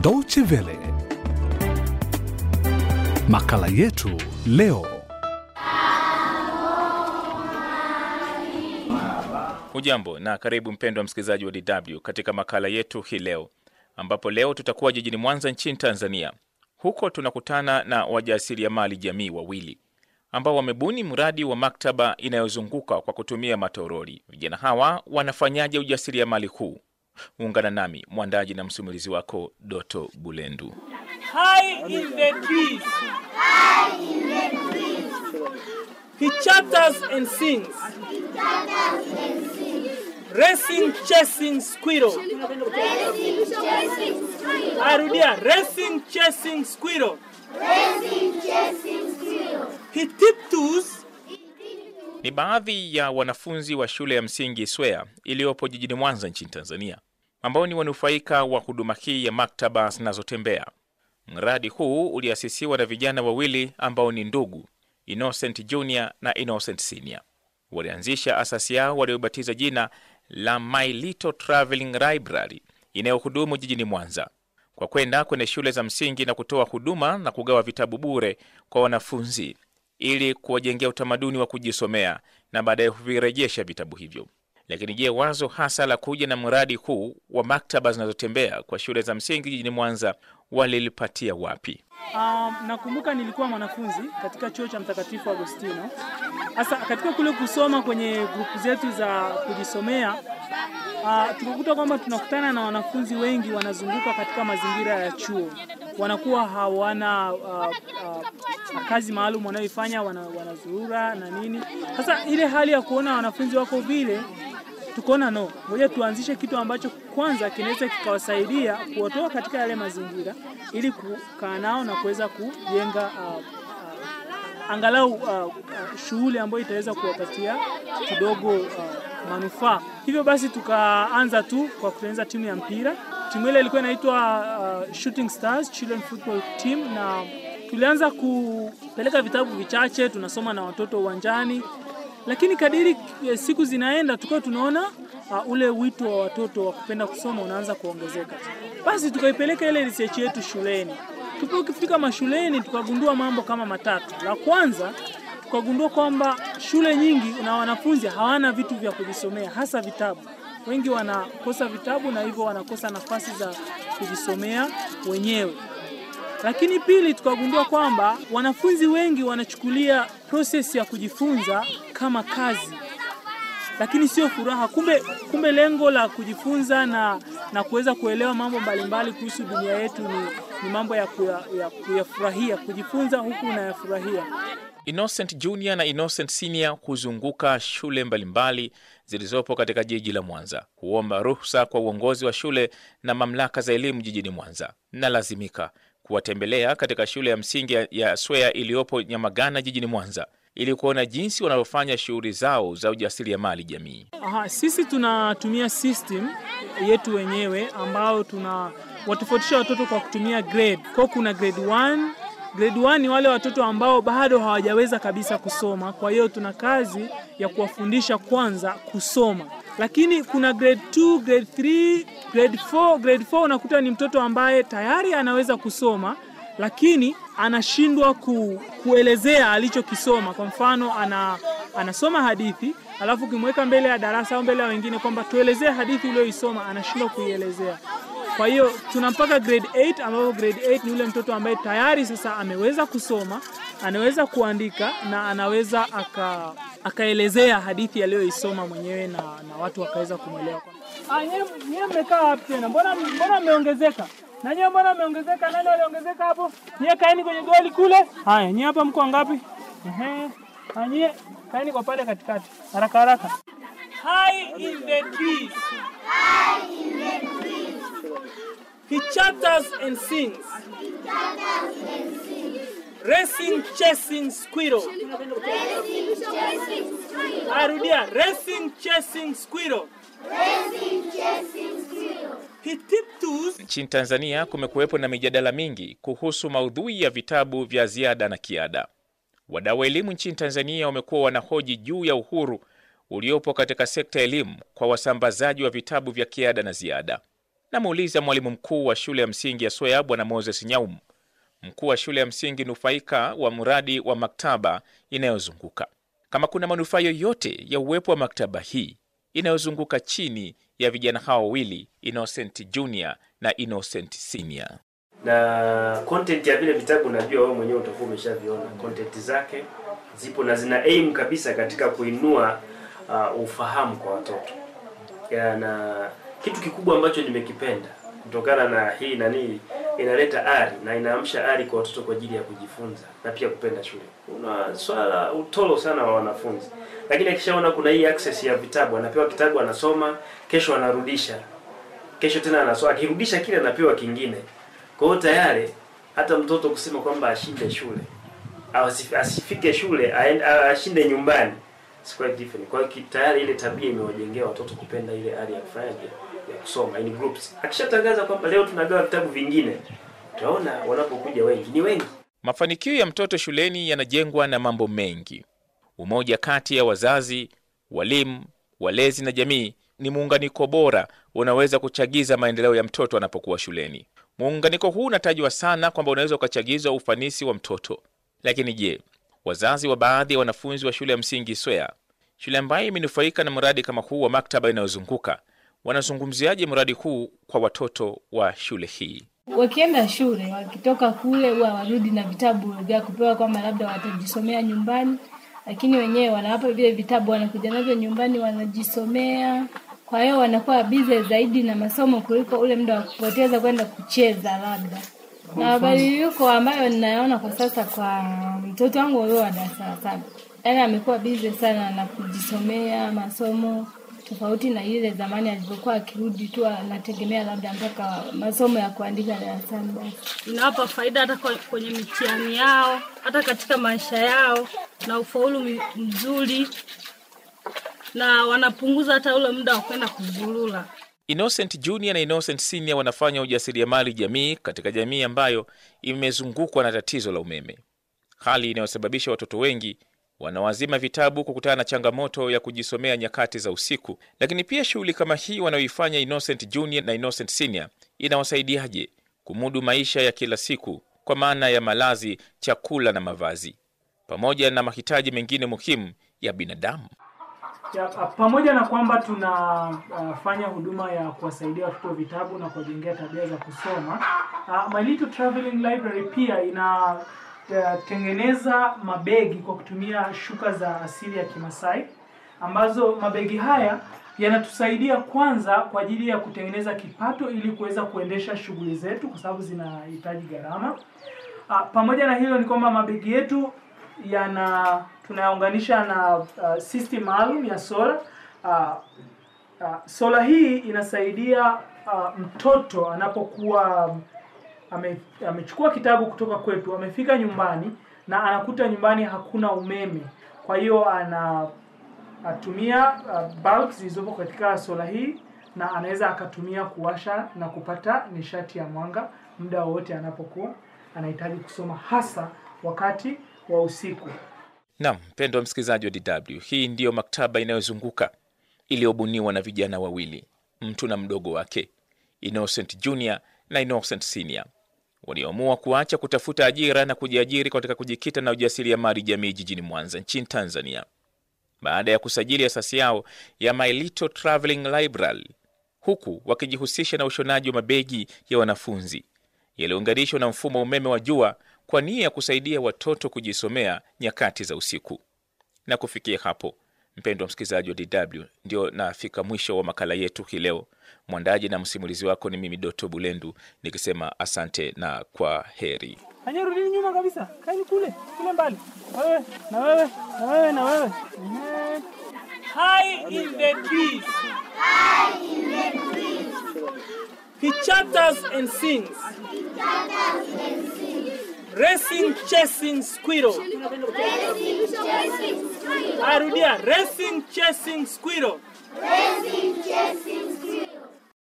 Deutsche Welle. Makala yetu leo. Ujambo na karibu mpendwa msikilizaji wa DW katika makala yetu hii leo ambapo leo tutakuwa jijini Mwanza nchini Tanzania. Huko tunakutana na wajasiriamali jamii wawili ambao wamebuni mradi wa maktaba inayozunguka kwa kutumia matoroli. Vijana hawa wanafanyaje ujasiriamali huu? Ungana nami mwandaji na msimulizi wako Doto Bulendu. Arudia, racing, chasing squirrel. Racing, chasing ni baadhi ya wanafunzi wa shule ya msingi Swea iliyopo jijini Mwanza nchini Tanzania ambao ni wanufaika wa huduma hii ya maktaba zinazotembea. Mradi huu uliasisiwa na vijana wawili ambao ni ndugu Innocent Junior na Innocent Senior. Walianzisha asasi yao waliobatiza jina la My Little Traveling Library inayohudumu jijini Mwanza kwa kwenda kwenye shule za msingi na kutoa huduma na kugawa vitabu bure kwa wanafunzi ili kuwajengea utamaduni wa kujisomea na baadaye huvirejesha vitabu hivyo. Lakini je, wazo hasa la kuja na mradi huu wa maktaba zinazotembea kwa shule za msingi jijini Mwanza walilipatia wapi? Um, nakumbuka nilikuwa mwanafunzi katika chuo cha Mtakatifu Agostino. hasa katika kule kusoma kwenye grupu zetu za kujisomea uh, ah, tukakuta kwamba tunakutana na wanafunzi wengi wanazunguka katika mazingira ya chuo, wanakuwa hawana uh, uh, kazi maalum wanayoifanya, wanazurura wana na nini. Sasa ile hali ya kuona wanafunzi wako vile, tukaona no, ngoja tuanzishe kitu ambacho kwanza kinaweza kikawasaidia kuwatoa katika yale mazingira ili kukaa nao na kuweza kujenga uh, uh, angalau uh, uh, shughuli ambayo itaweza kuwapatia kidogo uh, manufaa. Hivyo basi tukaanza tu kwa kutengeneza timu ya mpira. Timu ile ilikuwa inaitwa uh, Shooting Stars Children Football Team na Tulianza kupeleka vitabu vichache, tunasoma na watoto uwanjani, lakini kadiri eh, siku zinaenda, tukawa tunaona uh, ule wito wa watoto wa kupenda kusoma unaanza kuongezeka. Basi tukaipeleka ile research yetu shuleni. Tulipofika mashuleni, tukagundua mambo kama matatu. La kwanza, tukagundua kwamba shule nyingi na wanafunzi hawana vitu vya kujisomea, hasa vitabu. Wengi wanakosa vitabu na hivyo wanakosa nafasi za kujisomea wenyewe. Lakini pili, tukagundua kwamba wanafunzi wengi wanachukulia proses ya kujifunza kama kazi, lakini sio furaha. Kumbe, kumbe lengo la kujifunza na, na kuweza kuelewa mambo mbalimbali kuhusu dunia yetu ni, ni mambo ya, kuya, ya kuyafurahia, kujifunza huku unayafurahia. Innocent Junior na Innocent Senior huzunguka shule mbalimbali zilizopo katika jiji la Mwanza, huomba ruhusa kwa uongozi wa shule na mamlaka za elimu jijini Mwanza, na lazimika kuwatembelea katika shule ya msingi ya Swea iliyopo Nyamagana jijini Mwanza ili kuona jinsi wanavyofanya shughuli zao za ujasiriamali jamii. Aha, sisi tunatumia system yetu wenyewe ambao tuna watofautisha watoto kwa kutumia grade. Kwa kuna grade Grade one ni wale watoto ambao bado hawajaweza kabisa kusoma, kwa hiyo tuna kazi ya kuwafundisha kwanza kusoma. Lakini kuna grade 2, grade 3, grade 4. Grade 4 unakuta ni mtoto ambaye tayari anaweza kusoma lakini anashindwa ku, kuelezea alichokisoma. Kwa mfano ana, anasoma hadithi alafu ukimweka mbele ya darasa au mbele ya wengine kwamba tuelezee hadithi uliyoisoma, anashindwa kuielezea. Kwa hiyo tuna mpaka grade 8 ambapo grade 8 ni ule mtoto ambaye tayari sasa ameweza kusoma, anaweza kuandika na anaweza aka akaelezea hadithi aliyoisoma mwenyewe na, na watu wakaweza kumwelewa. Ah, nyewe mmekaa wapi tena? Mbona mbona mmeongezeka? Na nyewe mbona mmeongezeka? Nani aliongezeka hapo? Nyewe kaeni kwenye goli kule. Haya, nyewe hapa mko ngapi? Ehe. Nyewe kaeni kwa pale katikati. Haraka haraka. High in the trees. High in the trees. He chatters and sings. Racing, chasing squirrel. Arudia, racing, chasing squirrel. Nchini Tanzania kumekuwepo na mijadala mingi kuhusu maudhui ya vitabu vya ziada na kiada. Wadau wa elimu nchini Tanzania wamekuwa wanahoji juu ya uhuru uliopo katika sekta ya elimu kwa wasambazaji wa vitabu vya kiada na ziada namuuliza mwalimu mkuu wa shule ya msingi ya Swea Bwana Moses Nyaum. Mkuu wa shule ya msingi nufaika wa mradi wa maktaba inayozunguka, kama kuna manufaa yoyote ya uwepo wa maktaba hii inayozunguka chini ya vijana hawa wawili Innocent Junior na Innocent Senior. Na content ya vile vitabu najua wewe mwenyewe utakuwa umeshaviona content zake zipo na zina aim kabisa katika kuinua uh, ufahamu kwa watoto na kitu kikubwa ambacho nimekipenda kutokana na hii nani, inaleta ari na inaamsha ari kwa watoto kwa ajili ya kujifunza na pia kupenda shule. Kuna swala utolo sana wa wanafunzi, lakini akishaona kuna hii access ya vitabu, anapewa kitabu anasoma, kesho anarudisha, kesho tena anasoma, akirudisha kile anapewa kingine. Kwa hiyo tayari hata mtoto kusema kwamba ashinde shule asifike shule ashinde nyumbani, it's quite different. Kwa hiyo tayari ile tabia imewajengea watoto kupenda ile ari ya kufanya kusoma in groups. Akishatangaza kwamba leo tunagawa vitabu vingine, utaona wanapokuja wengi ni wengi. Mafanikio ya mtoto shuleni yanajengwa na mambo mengi. Umoja kati ya wazazi, walimu, walezi na jamii ni muunganiko bora unaweza kuchagiza maendeleo ya mtoto anapokuwa shuleni. Muunganiko huu unatajwa sana kwamba unaweza ukachagiza ufanisi wa mtoto, lakini je, wazazi wa baadhi ya wanafunzi wa shule ya msingi Swea, shule ambayo imenufaika na mradi kama huu wa maktaba inayozunguka, wanazungumziaje mradi huu kwa watoto wa shule hii? Wakienda shule, wakitoka kule, huwa warudi na vitabu vya kupewa kwamba labda watajisomea nyumbani, lakini wenyewe wanawapa vile vitabu, wanakuja navyo nyumbani, wanajisomea. Kwa hiyo wanakuwa bize zaidi na masomo kuliko ule muda wa kupoteza kwenda kucheza labda na mabadiliko ambayo ninayaona kwa sasa kwa mtoto wangu huyo wa darasa la saba, yaani amekuwa bize sana na kujisomea masomo tofauti na ile zamani alivyokuwa akirudi tu anategemea labda mpaka masomo ya kuandika darasani. Basi inawapa faida hata kwenye mitihani yao, hata katika maisha yao, na ufaulu mzuri, na wanapunguza hata ule muda wa kwenda kugurula. Innocent Junior na Innocent Senior wanafanya ujasiriamali jamii katika jamii ambayo imezungukwa na tatizo la umeme, hali inayosababisha watoto wengi wanawazima vitabu kukutana na changamoto ya kujisomea nyakati za usiku. Lakini pia shughuli kama hii wanayoifanya Innocent Junior na Innocent Senior inawasaidiaje kumudu maisha ya kila siku kwa maana ya malazi, chakula na mavazi, pamoja na mahitaji mengine muhimu ya binadamu? Ya, pamoja na kwamba tunafanya uh, huduma ya kuwasaidia watoto vitabu na kuwajengea tabia za kusoma uh, My Little Traveling Library pia ina tengeneza mabegi kwa kutumia shuka za asili ya Kimasai ambazo mabegi haya yanatusaidia kwanza kwa ajili ya kutengeneza kipato ili kuweza kuendesha shughuli zetu kwa sababu zinahitaji gharama. Ah, pamoja na hilo ni kwamba mabegi yetu yana tunayaunganisha na uh, system maalum ya sola. Uh, uh, sola hii inasaidia uh, mtoto anapokuwa ame, amechukua kitabu kutoka kwetu, amefika nyumbani na anakuta nyumbani hakuna umeme. Kwa hiyo ana atumia uh, bulbs zilizopo katika sola hii na anaweza akatumia kuwasha na kupata nishati ya mwanga muda wowote anapokuwa anahitaji kusoma hasa wakati wa usiku. Naam, mpendwa msikilizaji wa DW, hii ndiyo maktaba inayozunguka iliyobuniwa na vijana wawili, mtu na mdogo wake, Innocent Junior na Innocent Senior walioamua kuacha kutafuta ajira na kujiajiri katika kujikita na mali jamii jijini Mwanza nchini Tanzania baada ya kusajili asasi yao ya My Little Traveling Library, huku wakijihusisha na ushonaji wa mabegi ya wanafunzi yaliyounganishwa na mfumo wa umeme wa jua kwa nia ya kusaidia watoto kujisomea nyakati za usiku. Na kufikia hapo Mpendwa msikilizaji wa DW, ndio nafika mwisho wa makala yetu hii leo. Mwandaji na msimulizi wako ni mimi Doto Bulendu nikisema asante na kwa heri. nyuma kabisa, kaeni kule kule mbali. Wewe na wewe na wewe na wewe. High in the trees. High in the trees. He chatters and sings. He chatters and sings. Racing, chasing squirrel. Racing, chasing squirrel. Narudia, racing chasing squirrel. Racing chasing